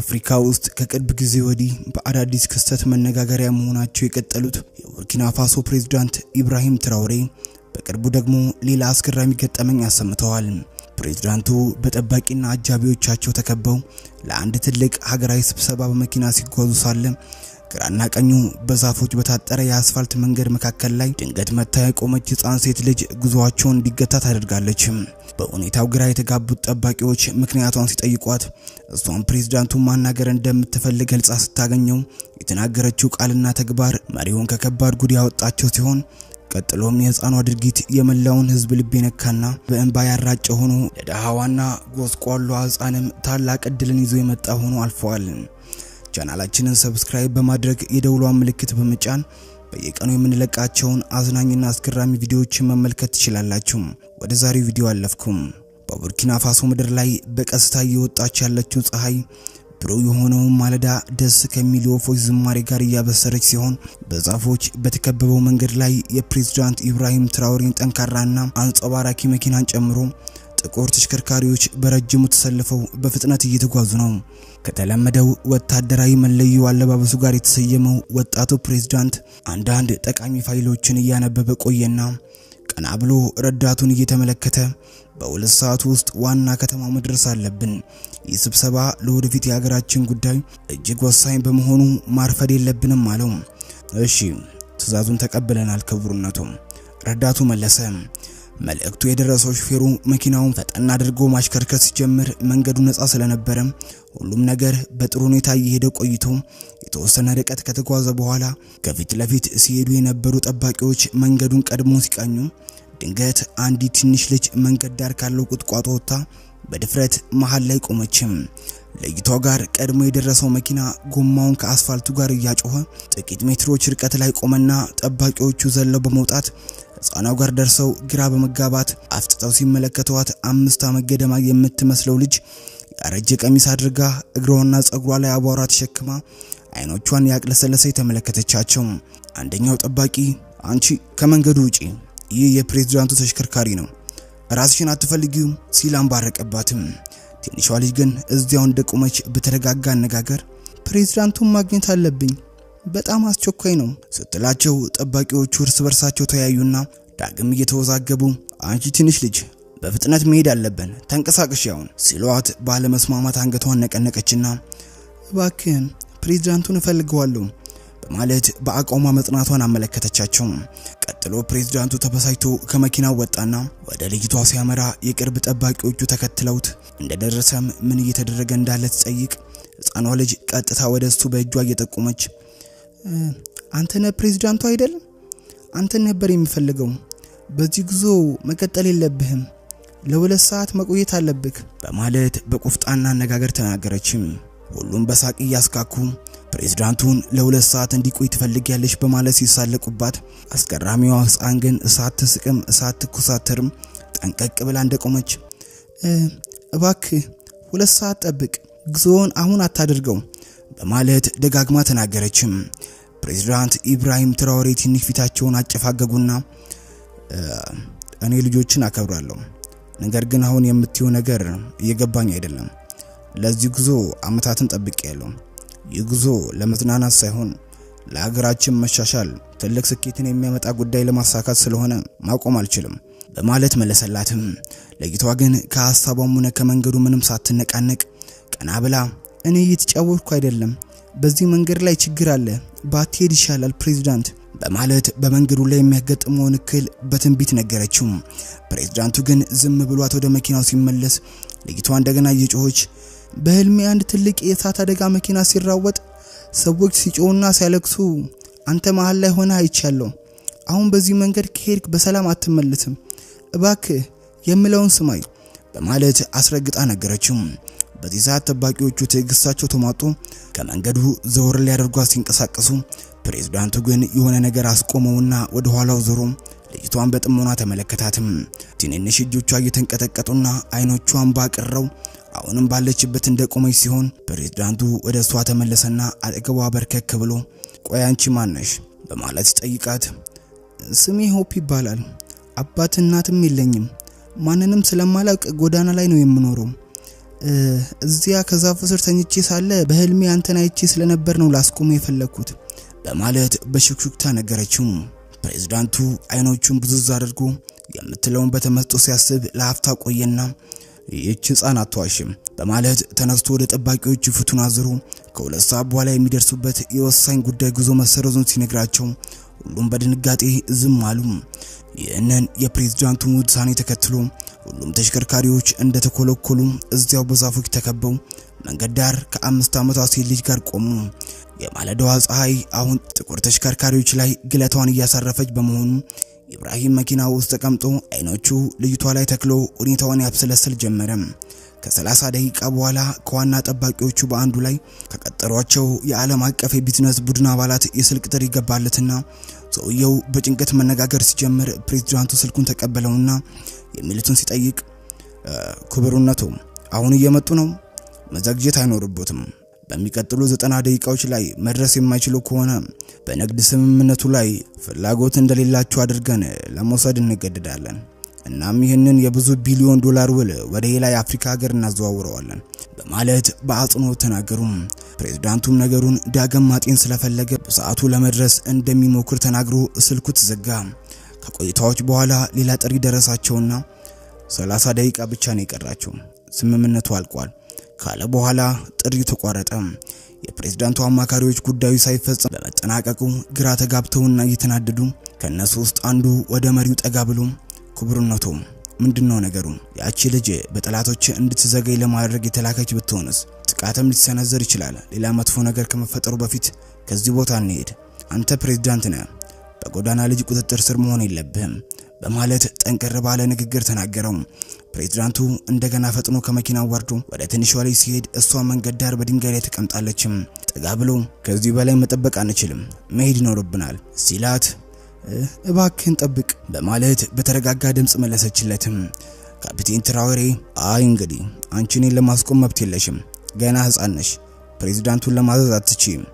አፍሪካ ውስጥ ከቅርብ ጊዜ ወዲህ በአዳዲስ ክስተት መነጋገሪያ መሆናቸው የቀጠሉት የቡርኪና ፋሶ ፕሬዝዳንት ኢብራሂም ትራውሬ በቅርቡ ደግሞ ሌላ አስገራሚ ገጠመኝ አሰምተዋል። ፕሬዝዳንቱ በጠባቂና አጃቢዎቻቸው ተከበው ለአንድ ትልቅ ሀገራዊ ስብሰባ በመኪና ሲጓዙ ሳለ ግራና ቀኙ በዛፎች በታጠረ የአስፋልት መንገድ መካከል ላይ ድንገት መታ የቆመች ህፃን ሴት ልጅ ጉዞአቸውን እንዲገታ ታደርጋለች። በሁኔታው ግራ የተጋቡት ጠባቂዎች ምክንያቷን ሲጠይቋት እሷን ፕሬዝዳንቱን ማናገር እንደምትፈልግ ገልጻ ስታገኘው የተናገረችው ቃልና ተግባር መሪውን ከከባድ ጉድ ያወጣቸው ሲሆን ቀጥሎም የህፃኗ ድርጊት የመላውን ህዝብ ልብ የነካና በእንባ ያራጨ ሆኖ ለደሃዋና ጎስቋሏ ህፃንም ታላቅ እድልን ይዞ የመጣ ሆኖ አልፈዋል። ቻናላችንን ሰብስክራይብ በማድረግ የደውሏን ምልክት በመጫን በየቀኑ የምንለቃቸውን አዝናኝና አስገራሚ ቪዲዮዎችን መመልከት ትችላላችሁ። ወደ ዛሬው ቪዲዮ አለፍኩም። በቡርኪና ፋሶ ምድር ላይ በቀስታ እየወጣች ያለችው ፀሐይ ብሩህ የሆነውን ማለዳ ደስ ከሚል የወፎች ዝማሬ ጋር እያበሰረች ሲሆን በዛፎች በተከበበው መንገድ ላይ የፕሬዝዳንት ኢብራሂም ትራኦሬን ጠንካራና አንጸባራቂ መኪናን ጨምሮ ጥቁር ተሽከርካሪዎች በረጅሙ ተሰልፈው በፍጥነት እየተጓዙ ነው። ከተለመደው ወታደራዊ መለዮ አለባበሱ ጋር የተሰየመው ወጣቱ ፕሬዝዳንት አንዳንድ ጠቃሚ ፋይሎችን እያነበበ ቆየና ቀና ብሎ ረዳቱን እየተመለከተ በሁለት ሰዓት ውስጥ ዋና ከተማ መድረስ አለብን። ይህ ስብሰባ ለወደፊት የሀገራችን ጉዳይ እጅግ ወሳኝ በመሆኑ ማርፈድ የለብንም አለው። እሺ፣ ትእዛዙን ተቀብለናል ክቡርነቱ፣ ረዳቱ መለሰ። መልእክቱ የደረሰው ሹፌሩ መኪናውን ፈጠን አድርጎ ማሽከርከር ሲጀምር መንገዱ ነፃ ስለነበረ ሁሉም ነገር በጥሩ ሁኔታ እየሄደ ቆይቶ የተወሰነ ርቀት ከተጓዘ በኋላ ከፊት ለፊት ሲሄዱ የነበሩ ጠባቂዎች መንገዱን ቀድሞ ሲቃኙ ድንገት አንዲት ትንሽ ልጅ መንገድ ዳር ካለው ቁጥቋጦ ወጥታ በድፍረት መሃል ላይ ቆመችም። ለይቷ ጋር ቀድሞ የደረሰው መኪና ጎማውን ከአስፋልቱ ጋር እያጮኸ ጥቂት ሜትሮች ርቀት ላይ ቆመና ጠባቂዎቹ ዘለው በመውጣት ህፃኗ ጋር ደርሰው ግራ በመጋባት አፍጥጠው ሲመለከተዋት አምስት ዓመት ገደማ የምትመስለው ልጅ ያረጀ ቀሚስ አድርጋ እግሯና ጸጉሯ ላይ አቧራ ተሸክማ አይኖቿን ያቅለሰለሰ የተመለከተቻቸው። አንደኛው ጠባቂ አንቺ ከመንገዱ ውጪ፣ ይህ የፕሬዝዳንቱ ተሽከርካሪ ነው፣ ራስሽን አትፈልጊውም ሲል አንባረቀባትም። ትንሿ ልጅ ግን እዚያው እንደቆመች በተረጋጋ አነጋገር ፕሬዝዳንቱን ማግኘት አለብኝ፣ በጣም አስቸኳይ ነው ስትላቸው ጠባቂዎቹ እርስ በርሳቸው ተያዩና ዳግም እየተወዛገቡ አንቺ ትንሽ ልጅ በፍጥነት መሄድ አለብን ተንቀሳቀሽ ያውን ሲሏት ባለመስማማት አንገቷን ነቀነቀችና እባክህን ፕሬዝዳንቱን እፈልገዋለሁ በማለት በአቋሟ መጽናቷን አመለከተቻቸው። ቀጥሎ ፕሬዝዳንቱ ተበሳጭቶ ከመኪናው ወጣና ወደ ልጅቷ ሲያመራ የቅርብ ጠባቂዎቹ ተከትለውት እንደደረሰም ምን እየተደረገ እንዳለ ትጠይቅ ህፃኗ ልጅ ቀጥታ ወደ እሱ በእጇ እየጠቆመች አንተነ ፕሬዝዳንቱ አይደል? አንተን ነበር የሚፈልገው። በዚህ ጉዞ መቀጠል የለብህም። ለሁለት ሰዓት መቆየት አለብክ በማለት በቁፍጣና አነጋገር ተናገረችም። ሁሉም በሳቅ እያስካኩ ፕሬዝዳንቱን ለሁለት ሰዓት እንዲቆይ ትፈልጊያለሽ በማለት ሲሳለቁባት፣ አስገራሚዋ ህፃን ግን እሳት ትኮሳተርም ጠንቀቅ ብላ እንደቆመች እባክ ሁለት ሰዓት ጠብቅ፣ ጉዞውን አሁን አታድርገው በማለት ደጋግማ ተናገረችም። ፕሬዝዳንት ኢብራሂም ትራኦሬ ትንሽ ፊታቸውን አጨፋገጉና እኔ ልጆችን አከብራለሁ፣ ነገር ግን አሁን የምትየው ነገር እየገባኝ አይደለም። ለዚህ ጉዞ አመታትን ጠብቄ ያለው ይህ ጉዞ ለመዝናናት ሳይሆን ለሀገራችን መሻሻል ትልቅ ስኬትን የሚያመጣ ጉዳይ ለማሳካት ስለሆነ ማቆም አልችልም በማለት መለሰላትም። ለጌቷ ግን ከሀሳቧም ሆነ ከመንገዱ ምንም ሳትነቃነቅ ቀና ብላ እኔ እየተጫወትኩ አይደለም፣ በዚህ መንገድ ላይ ችግር አለ፣ ባትሄድ ይሻላል ፕሬዚዳንት በማለት በመንገዱ ላይ የሚያጋጥመውን እክል በትንቢት ነገረችው። ፕሬዚዳንቱ ግን ዝም ብሏት ወደ መኪናው ሲመለስ ልጅቷ እንደገና እየጮኸች በህልሜ አንድ ትልቅ የእሳት አደጋ መኪና ሲራወጥ ሰዎች ሲጮውና ሲያለቅሱ አንተ መሀል ላይ ሆነ አይቻለሁ። አሁን በዚህ መንገድ ከሄድክ በሰላም አትመለስም እባክህ የምለውን ስማይ በማለት አስረግጣ ነገረችው። በዚህ ሰዓት ጠባቂዎቹ ትዕግስታቸው ተሟጦ ከመንገዱ ዘወር ሊያደርጓት ሲንቀሳቀሱ፣ ፕሬዝዳንቱ ግን የሆነ ነገር አስቆመውና ወደ ኋላው ዞሮ ልጅቷን በጥሞና ተመለከታትም። ትንንሽ እጆቿ እየተንቀጠቀጡና አይኖቿን ባቀረው አሁንም ባለችበት እንደቆመች ሲሆን ፕሬዝዳንቱ ወደ እሷ ተመለሰና አጠገቧ በርከክ ብሎ ቆይ አንቺ ማነሽ በማለት ይጠይቃት። ስሜ ሆፕ ይባላል። አባት እናትም የለኝም። ማንንም ስለማላውቅ ጎዳና ላይ ነው የምኖረው። እዚያ ከዛፉ ስር ተኝቼ ሳለ በህልሜ አንተን አይቼ ስለነበር ነው ላስቆመ የፈለግኩት በማለት በሹክሹክታ ነገረችው። ፕሬዝዳንቱ አይኖቹን ብዙዝ አድርጎ የምትለውን በተመስጦ ሲያስብ ለአፍታ ቆየና ይህች ህፃን አትዋሽም በማለት ተነስቶ ወደ ጠባቂዎች ፊቱን አዝሮ ከሁለት ሰዓት በኋላ የሚደርሱበት የወሳኝ ጉዳይ ጉዞ መሰረዙን ሲነግራቸው ሁሉም በድንጋጤ ዝም አሉ። ይህንን የፕሬዝዳንቱን ውሳኔ ተከትሎ ሁሉም ተሽከርካሪዎች እንደተኮለኮሉ እዚያው በዛፎች ተከበው መንገድ ዳር ከአምስት ዓመቷ ሴት ልጅ ጋር ቆሙ። የማለዳዋ ፀሐይ አሁን ጥቁር ተሽከርካሪዎች ላይ ግለቷን እያሳረፈች በመሆኑ ኢብራሂም መኪና ውስጥ ተቀምጦ አይኖቹ ልጅቷ ላይ ተክሎ ሁኔታውን ያብሰለስል ጀመረ። ከሰላሳ ደቂቃ በኋላ ከዋና ጠባቂዎቹ በአንዱ ላይ ከቀጠሯቸው የዓለም አቀፍ የቢዝነስ ቡድን አባላት የስልክ ጥሪ ይገባለትና ሰውየው በጭንቀት መነጋገር ሲጀምር ፕሬዚዳንቱ ስልኩን ተቀበለውና የሚሉትን ሲጠይቅ ክቡርነቱም አሁን እየመጡ ነው፣ መዘግጀት አይኖርበትም በሚቀጥሉ ዘጠና ደቂቃዎች ላይ መድረስ የማይችሉ ከሆነ በንግድ ስምምነቱ ላይ ፍላጎት እንደሌላቸው አድርገን ለመውሰድ እንገደዳለን። እናም ይህንን የብዙ ቢሊዮን ዶላር ውል ወደ ሌላ የአፍሪካ ሀገር እናዘዋውረዋለን በማለት በአጽንኦት ተናገሩ። ፕሬዝዳንቱም ነገሩን ዳግም ማጤን ስለፈለገ በሰዓቱ ለመድረስ እንደሚሞክር ተናግሮ ስልኩ ተዘጋ። ከቆይታዎች በኋላ ሌላ ጥሪ ደረሳቸውና 30 ደቂቃ ብቻ ነው የቀራቸው፣ ስምምነቱ አልቋል ካለ በኋላ ጥሪው ተቋረጠ። የፕሬዝዳንቱ አማካሪዎች ጉዳዩ ሳይፈጸም በመጠናቀቁ ግራ ተጋብተውና እየተናደዱ ከእነሱ ውስጥ አንዱ ወደ መሪው ጠጋ ብሎ ክቡርነቶ ምንድነው ነገሩ? ያቺ ልጅ በጠላቶች እንድትዘገይ ለማድረግ የተላከች ብትሆንስ? ጥቃትም ሊሰነዘር ይችላል። ሌላ መጥፎ ነገር ከመፈጠሩ በፊት ከዚህ ቦታ እንሄድ። አንተ ፕሬዝዳንት ነህ፣ በጎዳና ልጅ ቁጥጥር ስር መሆን የለብህም በማለት ጠንቀር ባለ ንግግር ተናገረው። ፕሬዝዳንቱ እንደገና ፈጥኖ ከመኪናው ወርዶ ወደ ትንሿ ልጅ ሲሄድ እሷ መንገድ ዳር በድንጋይ ላይ ተቀምጣለችም። ጠጋ ብሎ ከዚህ በላይ መጠበቅ አንችልም፣ መሄድ ይኖርብናል ሲላት እባክህን ጠብቅ በማለት በተረጋጋ ድምፅ መለሰችለትም። ካፒቴን ትራወሬ አይ እንግዲህ አንቺ እኔን ለማስቆም መብት የለሽም፣ ገና ህፃን ነሽ፣ ፕሬዝዳንቱን ለማዘዝ አትችይም።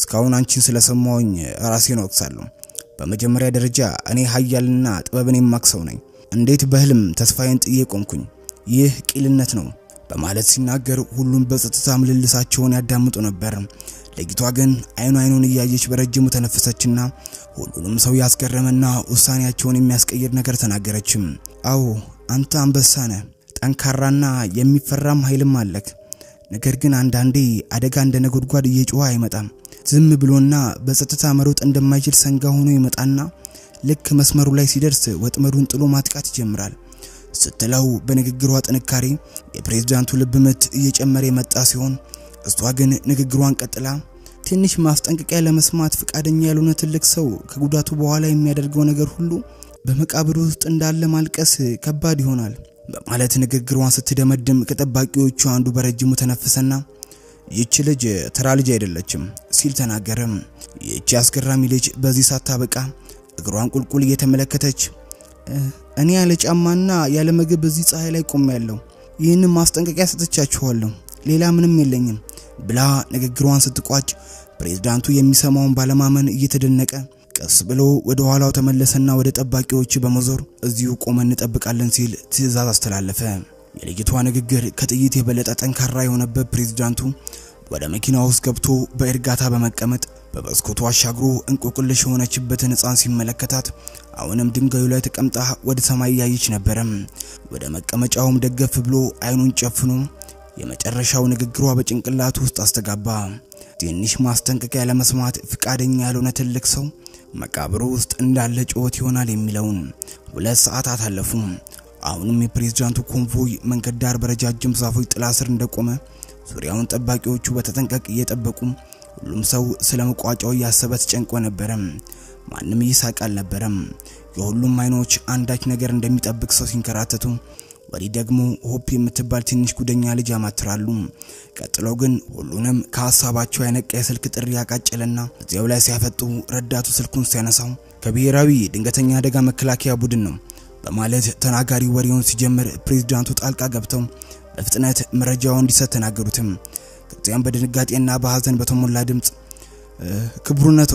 እስካሁን አንቺን ስለሰማውኝ ራሴን ወቅሳለሁ በመጀመሪያ ደረጃ እኔ ኃያልና ጥበብን የማክሰው ነኝ። እንዴት በህልም ተስፋዬን ጥዬ ቆምኩኝ? ይህ ቂልነት ነው በማለት ሲናገር ሁሉም በጸጥታ ምልልሳቸውን ያዳምጡ ነበር። ልጅቷ ግን አይኑ አይኑን እያየች በረጅሙ ተነፈሰችና ሁሉንም ሰው ያስገረመና ውሳኔያቸውን የሚያስቀይር ነገር ተናገረችም። አዎ አንተ አንበሳ ነህ፣ ጠንካራና የሚፈራም ኃይልም አለክ። ነገር ግን አንዳንዴ አደጋ እንደ ነጎድጓድ እየጮኸ አይመጣም ዝም ብሎና በጸጥታ መሮጥ እንደማይችል ሰንጋ ሆኖ ይመጣና ልክ መስመሩ ላይ ሲደርስ ወጥመዱን ጥሎ ማጥቃት ይጀምራል ስትለው በንግግሯ ጥንካሬ የፕሬዝዳንቱ ልብ ምት እየጨመረ የመጣ ሲሆን እሷ ግን ንግግሯን ቀጥላ ትንሽ ማስጠንቀቂያ ለመስማት ፈቃደኛ ያልሆነ ትልቅ ሰው ከጉዳቱ በኋላ የሚያደርገው ነገር ሁሉ በመቃብር ውስጥ እንዳለ ማልቀስ ከባድ ይሆናል በማለት ንግግሯን ስትደመድም ከጠባቂዎቹ አንዱ በረጅሙ ተነፈሰና ይቺ ልጅ ተራ ልጅ አይደለችም ሲል ተናገረም። ይቺ አስገራሚ ልጅ በዚህ ሳታበቃ እግሯን ቁልቁል እየተመለከተች እኔ ያለ ጫማና ያለ ምግብ በዚህ ፀሐይ ላይ ያለው ይህን ማስጠንቀቂያ ሰጥቻችኋለሁ፣ ሌላ ምንም የለኝም ብላ ንግግሯን ስትቋጭ ፕሬዝዳንቱ የሚሰማውን ባለማመን እየተደነቀ ቀስ ብሎ ወደ ኋላው ተመለሰና ወደ ጠባቂዎች በመዞር እዚሁ ቆመን እንጠብቃለን ሲል ትዕዛዝ አስተላለፈ። የልጅቷ ንግግር ከጥይት የበለጠ ጠንካራ የሆነበት ፕሬዝዳንቱ ወደ መኪና ውስጥ ገብቶ በእርጋታ በመቀመጥ በመስኮቱ አሻግሮ እንቆቅልሽ የሆነችበትን ህፃን ሲመለከታት አሁንም ድንጋዩ ላይ ተቀምጣ ወደ ሰማይ ያየች ነበረ። ወደ መቀመጫውም ደገፍ ብሎ አይኑን ጨፍኖ የመጨረሻው ንግግሯ በጭንቅላቱ ውስጥ አስተጋባ። ትንሽ ማስጠንቀቂያ ለመስማት ፍቃደኛ ያልሆነ ትልቅ ሰው መቃብሩ ውስጥ እንዳለ ጩኸት ይሆናል የሚለውን። ሁለት ሰዓታት አለፉም። አሁንም የፕሬዝዳንቱ ኮንቮይ መንገድ ዳር በረጃጅም ዛፎች ጥላ ስር እንደቆመ ዙሪያውን ጠባቂዎቹ በተጠንቀቅ እየጠበቁ፣ ሁሉም ሰው ስለ መቋጫው እያሰበ ተጨንቆ ነበረ። ማንም ይሳቅ አልነበረም። የሁሉም አይኖች አንዳች ነገር እንደሚጠብቅ ሰው ሲንከራተቱ፣ ወዲህ ደግሞ ሆፕ የምትባል ትንሽ ጉደኛ ልጅ ያማትራሉ። ቀጥሎ ግን ሁሉንም ከሀሳባቸው ያነቃ የስልክ ጥሪ ያቃጨለና እዚያው ላይ ሲያፈጡ ረዳቱ ስልኩን ሲያነሳው ከብሔራዊ ድንገተኛ አደጋ መከላከያ ቡድን ነው በማለት ተናጋሪ ወሬውን ሲጀምር ፕሬዝዳንቱ ጣልቃ ገብተው በፍጥነት መረጃውን እንዲሰጥ ተናገሩትም። ከዚያም በድንጋጤና በሀዘን በተሞላ ድምፅ ክቡርነቶ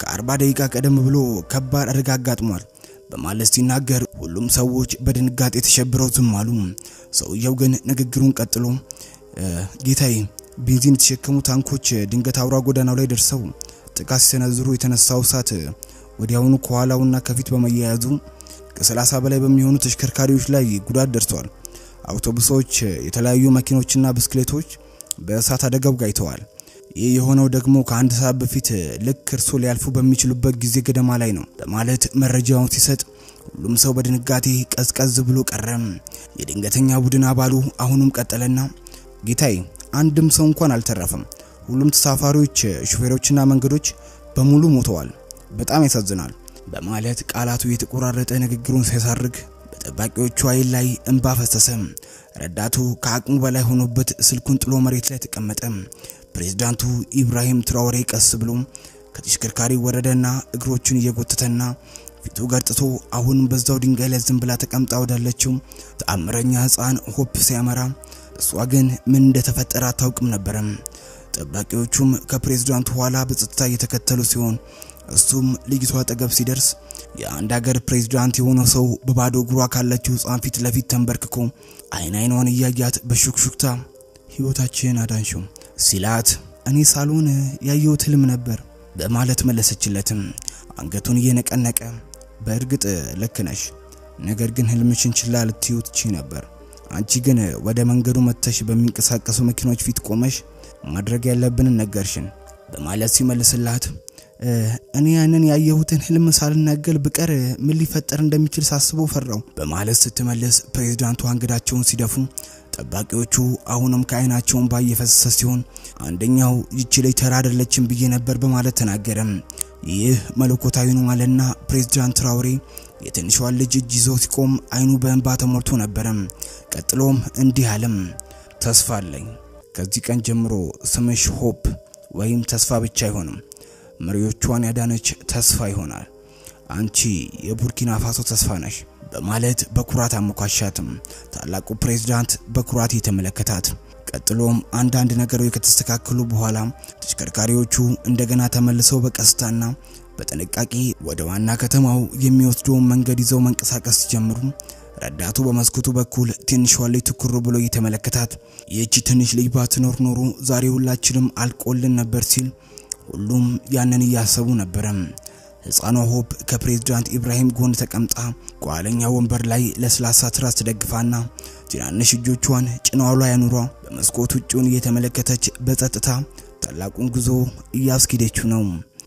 ከአርባ ደቂቃ ቀደም ብሎ ከባድ አደጋ አጋጥሟል በማለት ሲናገር ሁሉም ሰዎች በድንጋጤ ተሸብረው ዝም አሉ። ሰውየው ግን ንግግሩን ቀጥሎ ጌታዬ፣ ቤንዚን የተሸከሙ ታንኮች ድንገት አውራ ጎዳናው ላይ ደርሰው ጥቃት ሲሰነዝሩ የተነሳው እሳት ወዲያውኑ ከኋላውና ከፊት በመያያዙ ከ30 በላይ በሚሆኑ ተሽከርካሪዎች ላይ ጉዳት ደርሷል። አውቶቡሶች፣ የተለያዩ መኪኖችና ብስክሌቶች በእሳት አደጋው ጋይተዋል። ይህ የሆነው ደግሞ ከአንድ ሰዓት በፊት ልክ እርሶ ሊያልፉ በሚችሉበት ጊዜ ገደማ ላይ ነው በማለት መረጃውን ሲሰጥ ሁሉም ሰው በድንጋቴ ቀዝቀዝ ብሎ ቀረም። የድንገተኛ ቡድን አባሉ አሁኑም ቀጠለና ጌታዬ፣ አንድም ሰው እንኳን አልተረፈም። ሁሉም ተሳፋሪዎች፣ ሹፌሮችና መንገዶች በሙሉ ሞተዋል። በጣም ያሳዝናል። በማለት ቃላቱ የተቆራረጠ ንግግሩን ሲያሳርግ በጠባቂዎቹ አይን ላይ እንባ ፈሰሰ። ረዳቱ ከአቅሙ በላይ ሆኖበት ስልኩን ጥሎ መሬት ላይ ተቀመጠ። ፕሬዝዳንቱ ኢብራሂም ትራውሬ ቀስ ብሎ ከተሽከርካሪ ወረደና እግሮቹን እየጎተተና ፊቱ ገርጥቶ አሁንም በዛው ድንጋይ ላይ ዝም ብላ ተቀምጣ ወዳለችው ተአምረኛ ህፃን ሆፕ ሲያመራ እሷ ግን ምን እንደተፈጠረ አታውቅም ነበረም። ጠባቂዎቹም ከፕሬዝዳንቱ ኋላ በጸጥታ እየተከተሉ ሲሆን እሱም ልጅቷ አጠገብ ሲደርስ የአንድ ሀገር ፕሬዚዳንት የሆነ ሰው በባዶ እግሯ ካለችው ህፃን ፊት ለፊት ተንበርክኮ አይን አይኗን እያያት በሹክሹክታ ህይወታችን አዳንሽው ሲላት እኔ ሳልሆን ያየሁት ህልም ነበር በማለት መለሰችለትም። አንገቱን እየነቀነቀ በእርግጥ ልክ ነሽ፣ ነገር ግን ህልምሽን ችላ ልትዪው ትችይ ነበር። አንቺ ግን ወደ መንገዱ መጥተሽ በሚንቀሳቀሱ መኪኖች ፊት ቆመሽ ማድረግ ያለብንን ነገርሽን በማለት ሲመልስላት እኔ ያንን ያየሁትን ህልም ሳልናገር ብቀር ምን ሊፈጠር እንደሚችል ሳስበው ፈራው በማለት ስትመልስ ፕሬዝዳንቱ አንገዳቸውን ሲደፉ ጠባቂዎቹ አሁንም ከአይናቸውን ባ እየፈሰሰ ሲሆን አንደኛው ይቺ ላይ ተራ አይደለችም ብዬ ነበር በማለት ተናገረም። ይህ መለኮታዊ ነው አለና ፕሬዝዳንት ትራውሬ የትንሿን ልጅ እጅ ይዞ ሲቆም አይኑ በእንባ ተሞልቶ ነበረም። ቀጥሎም እንዲህ አለም፣ ተስፋ አለኝ። ከዚህ ቀን ጀምሮ ስምሽ ሆፕ ወይም ተስፋ ብቻ አይሆንም መሪዎቿን ያዳነች ተስፋ ይሆናል። አንቺ የቡርኪና ፋሶ ተስፋ ነሽ በማለት በኩራት አሞካሻትም። ታላቁ ፕሬዝዳንት በኩራት የተመለከታት። ቀጥሎም አንዳንድ ነገሮች ከተስተካከሉ በኋላ ተሽከርካሪዎቹ እንደገና ተመልሰው በቀስታና በጥንቃቄ ወደ ዋና ከተማው የሚወስደውን መንገድ ይዘው መንቀሳቀስ ሲጀምሩ ረዳቱ በመስኮቱ በኩል ትንሿ ልጅ ትኩር ብሎ እየተመለከታት ይህቺ ትንሽ ልጅ ባትኖር ኖሮ ዛሬ ሁላችንም አልቆልን ነበር ሲል ሁሉም ያንን እያሰቡ ነበረ። ህፃኗ ሆፕ ከፕሬዝዳንት ኢብራሂም ጎን ተቀምጣ ከኋለኛ ወንበር ላይ ለስላሳ ትራስ ተደግፋና ትናንሽ እጆቿን ጭናዋ ያኑሯ በመስኮት ውጭውን እየተመለከተች በጸጥታ ታላቁን ጉዞ እያስኪደችው ነው።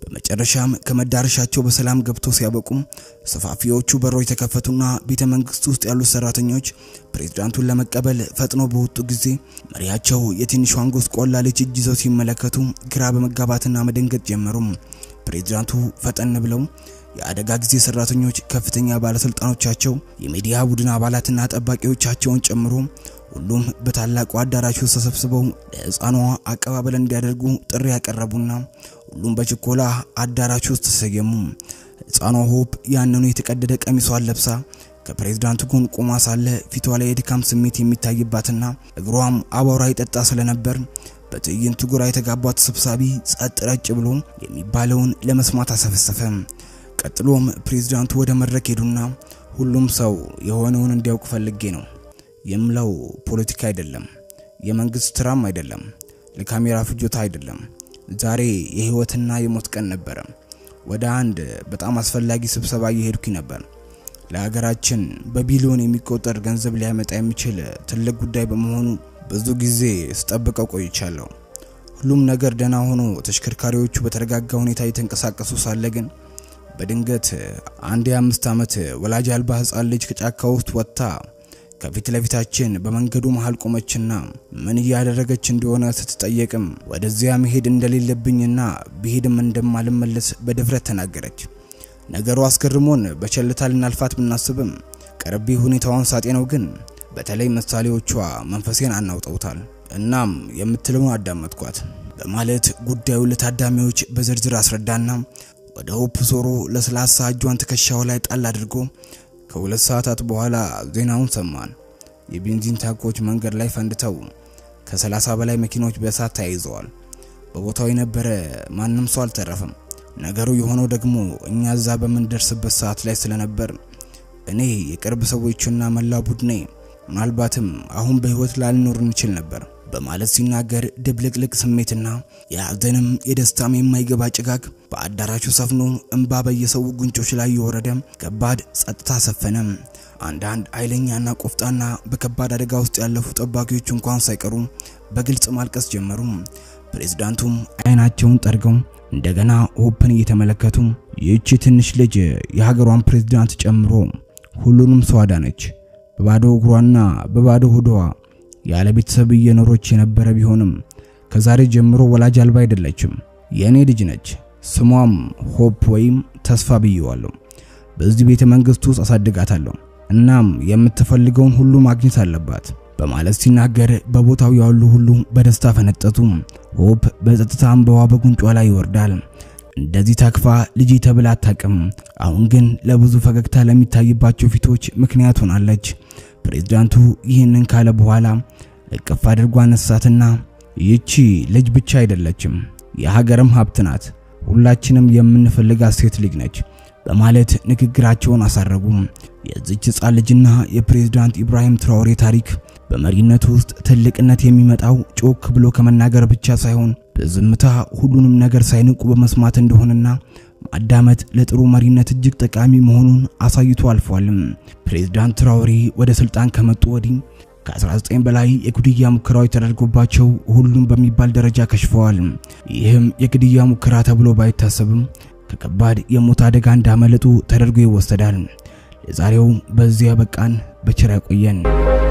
በመጨረሻም ከመዳረሻቸው በሰላም ገብቶ ሲያበቁም ሰፋፊዎቹ በሮች ተከፈቱና ቤተ መንግስት ውስጥ ያሉት ሰራተኞች ፕሬዝዳንቱን ለመቀበል ፈጥኖ በወጡ ጊዜ መሪያቸው የትንሿን ጎስቋላ ልጅ እጅ ይዘው ሲመለከቱ ግራ በመጋባትና መደንገጥ ጀመሩ። ፕሬዝዳንቱ ፈጠን ብለው የአደጋ ጊዜ ሰራተኞች፣ ከፍተኛ ባለስልጣኖቻቸው፣ የሚዲያ ቡድን አባላትና ጠባቂዎቻቸውን ጨምሮ ሁሉም በታላቁ አዳራሽ ውስጥ ተሰብስበው ለህፃኗ አቀባበል እንዲያደርጉ ጥሪ ያቀረቡና ሁሉም በችኮላ አዳራሽ ውስጥ ተሰየሙ። ህፃኗ ሆፕ ያንኑ የተቀደደ ቀሚሷን ለብሳ ከፕሬዝዳንቱ ጎን ቆማ ሳለ ፊቷ ላይ የድካም ስሜት የሚታይባትና እግሯም አቧራ ይጠጣ ስለነበር በትዕይንቱ ግራ የተጋባ ተሰብሳቢ ጸጥ ረጭ ብሎ የሚባለውን ለመስማት አሰፈሰፈ። ቀጥሎም ፕሬዝዳንቱ ወደ መድረክ ሄዱና ሁሉም ሰው የሆነውን እንዲያውቅ ፈልጌ ነው የምለው ፖለቲካ አይደለም፣ የመንግስት ስራም አይደለም፣ ለካሜራ ፍጆታ አይደለም ዛሬ የህይወትና የሞት ቀን ነበረ። ወደ አንድ በጣም አስፈላጊ ስብሰባ እየሄድኩኝ ነበር። ለሀገራችን በቢሊዮን የሚቆጠር ገንዘብ ሊያመጣ የሚችል ትልቅ ጉዳይ በመሆኑ ብዙ ጊዜ ስጠብቀው ቆይቻለሁ። ሁሉም ነገር ደህና ሆኖ ተሽከርካሪዎቹ በተረጋጋ ሁኔታ እየተንቀሳቀሱ ሳለ ግን በድንገት አንድ የአምስት ዓመት ወላጅ አልባ ህፃን ልጅ ከጫካ ውስጥ ወጥታ ከፊት ለፊታችን በመንገዱ መሃል ቆመችና ምን እያደረገች እንደሆነ ስትጠየቅም ወደዚያ መሄድ እንደሌለብኝና ብሄድም እንደማልመለስ በድፍረት ተናገረች። ነገሩ አስገርሞን በቸልታ ልናልፋት ብናስብም ቀርቤ ሁኔታዋን ሳጤነው ግን በተለይ ምሳሌዎቿ መንፈሴን አናውጠውታል። እናም የምትለውን አዳመጥኳት በማለት ጉዳዩ ለታዳሚዎች በዝርዝር አስረዳና ወደ ሆፕ ዞሮ ለስላሳ እጇን ትከሻው ላይ ጣል አድርጎ ከሁለት ሰዓታት በኋላ ዜናውን ሰማን። የቤንዚን ታንኮች መንገድ ላይ ፈንድተው ከ30 በላይ መኪኖች በእሳት ተያይዘዋል። በቦታው የነበረ ማንም ሰው አልተረፈም። ነገሩ የሆነው ደግሞ እኛ እዛ በምንደርስበት ሰዓት ላይ ስለነበር እኔ የቅርብ ሰዎችና መላ ቡድኔ ምናልባትም አሁን በህይወት ላልኖር እንችል ነበር። በማለት ሲናገር ድብልቅልቅ ስሜትና የሐዘንም የደስታም የማይገባ ጭጋግ በአዳራሹ ሰፍኖ እንባ በየሰው ጉንጮች ላይ የወረደ ከባድ ጸጥታ ሰፈነ። አንዳንድ ኃይለኛና ቆፍጣና በከባድ አደጋ ውስጥ ያለፉ ጠባቂዎች እንኳን ሳይቀሩ በግልጽ ማልቀስ ጀመሩ። ፕሬዝዳንቱም አይናቸውን ጠርገው እንደገና ሆፕን እየተመለከቱ ይህቺ ትንሽ ልጅ የሀገሯን ፕሬዝዳንት ጨምሮ ሁሉንም ሰው አዳነች፣ በባዶ እግሯና በባዶ ሆዷ ያለ ቤተሰብ እየኖረች የነበረ ቢሆንም ከዛሬ ጀምሮ ወላጅ አልባ አይደለችም። የእኔ ልጅ ነች። ስሟም ሆፕ ወይም ተስፋ ብየዋለሁ። በዚህ ቤተ መንግስት ውስጥ አሳድጋታለሁ። እናም የምትፈልገውን ሁሉ ማግኘት አለባት በማለት ሲናገር በቦታው ያሉ ሁሉ በደስታ ፈነጠቱ። ሆፕ በጸጥታ እንባዋ በጉንጯ ላይ ይወርዳል። እንደዚህ ታክፋ ልጅ ተብላ አታውቅም። አሁን ግን ለብዙ ፈገግታ ለሚታይባቸው ፊቶች ምክንያት ሆናለች። ፕሬዝዳንቱ ይህንን ካለ በኋላ እቅፍ አድርጎ አነሳትና ይቺ ልጅ ብቻ አይደለችም፣ የሀገርም ሀብት ናት፣ ሁላችንም የምንፈልጋት ሴት ልጅ ነች በማለት ንግግራቸውን አሳረጉ። የዚች ሕፃን ልጅና የፕሬዝዳንት ኢብራሂም ትራኦሬ ታሪክ በመሪነት ውስጥ ትልቅነት የሚመጣው ጮክ ብሎ ከመናገር ብቻ ሳይሆን በዝምታ ሁሉንም ነገር ሳይንቁ በመስማት እንደሆነና አዳመት ለጥሩ መሪነት እጅግ ጠቃሚ መሆኑን አሳይቶ አልፏል። ፕሬዝዳንት ትራውሬ ወደ ስልጣን ከመጡ ወዲህ ከ19 በላይ የግድያ ሙከራዎች ተደርጎባቸው ሁሉም በሚባል ደረጃ ከሽፈዋል። ይህም የግድያ ሙከራ ተብሎ ባይታሰብም ከከባድ የሞት አደጋ እንዳመለጡ ተደርጎ ይወሰዳል። ለዛሬው በዚያ በቃን። በቸር ያቆየን።